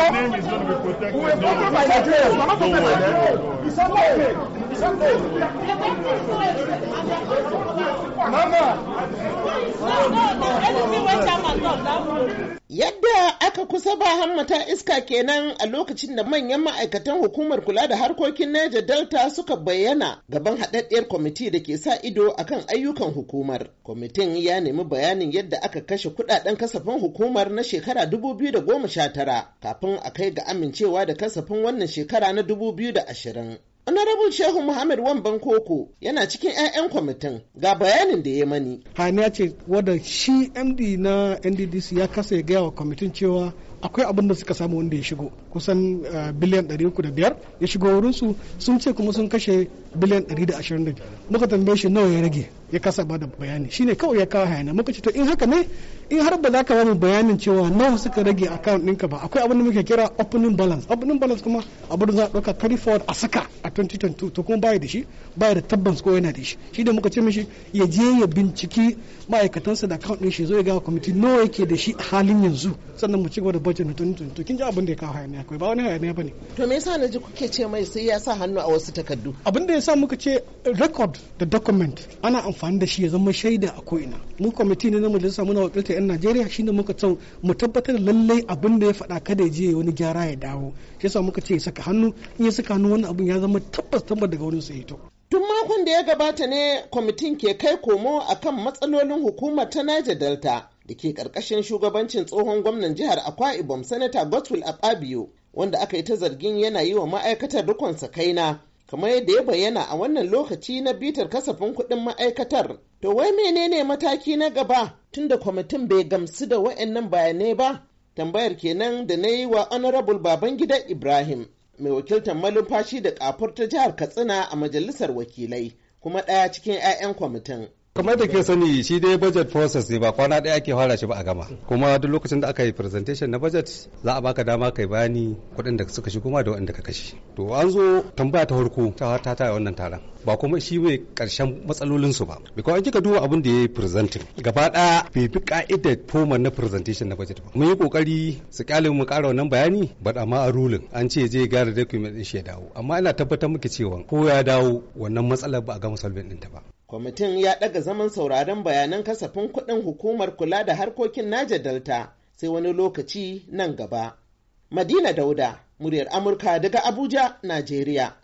Your name is going to be protected. We are It's okay. It's okay. Mama. No, no, no. Anything aka kusa ba hammata iska kenan a lokacin da manyan ma'aikatan hukumar kula da harkokin Niger Delta suka bayyana gaban haɗaɗɗiyar kwamiti da ke sa ido akan ayyukan hukumar. Kwamitin ya nemi bayanin yadda aka kashe kudaden kasafin hukumar na shekara 2019 kafin a kai ga amincewa da kasafin wannan shekara na 2020. Honorable Shehu Muhammad Wamban Koko yana cikin 'ya'yan kwamitin ga bayanin da ya mani. ya ce wadda shi MD na NDDC ya kasa ya gaya wa kwamitin cewa akwai abin da suka samu wanda ya shigo kusan eh, biliyan 305 ya shigo wurinsu sun ce kuma sun kashe biliyan 125 muka tambaye shi nawa ya rage ya kasa ba da bayani shine kawai ya kawo hayana muka ce to in haka ne in har ba za ka mu bayanin cewa nawa suka rage account ɗinka ba akwai abin da muke kira opening balance opening balance kuma abu da za a ɗauka carry forward a saka a 2022 to kuma baya da shi baya da tabbas ko yana da shi shi da muka ce mishi ya je ya binciki ma'aikatansa da account ɗin shi zo ya ga kwamiti nawa yake da shi a halin yanzu sannan mu ci gaba da budget na 2022 kin ji abin da ya kawo hayaniya akwai ba wani hayaniya bane to me yasa ji kuke ce mai sai ya sa hannu a wasu takardu abin da yasa muka ce record da document ana amfani da shi ya zama shaida a ko'ina mu kwamiti ne na majalisa muna wakiltar 'yan najeriya shine muka son mu tabbatar lallai abin da ya faɗa kada ya je wani gyara ya dawo shi yasa muka ce ya saka hannu in ya saka hannu wani abin ya zama tabbas tabbas daga wurin sai to Tun makon da ya gabata ne kwamitin ke kai komo akan matsalolin hukumar ta Niger Delta da ke karkashin shugabancin tsohon gwamnan jihar Akwa Ibom Sanata Godswill Akpabio wanda aka yi ta zargin yana yi wa ma'aikatar rikon kaina kamar yadda ya bayyana a wannan lokaci na bitar kasafin kuɗin ma'aikatar. To wai menene mataki na gaba tunda kwamitin bai gamsu da wa'annan bayanai ba tambayar kenan da na yi wa honorable babangida ibrahim mai wakiltar malumfashi da kafur ta jihar katsina a majalisar wakilai kuma ɗaya cikin 'ya'yan kwamitin kamar da ke sani shi dai budget process ne ba kwana ɗaya ake fara shi ba a gama kuma duk lokacin da aka yi presentation na budget za a baka dama kai bayani kuɗin da suka shigo ma da waɗanda ka kashe to an zo tambaya ta farko ta ta ta wannan taron ba kuma shi bai karshen matsalolin su ba because an kika duba abin da yayi presenting gaba ɗaya bai bi ka'idar format na presentation na budget ba mun yi kokari su kyale mu ƙara wannan bayani but amma a ruling an ce je gara document din shi ya dawo amma ina tabbatar miki cewa ko ya dawo wannan matsalar ba a gama solving ɗinta ba kwamitin ya ɗaga zaman sauraron bayanan kasafin kuɗin hukumar kula da harkokin naja delta sai wani lokaci nan gaba madina dauda muryar amurka daga abuja najeriya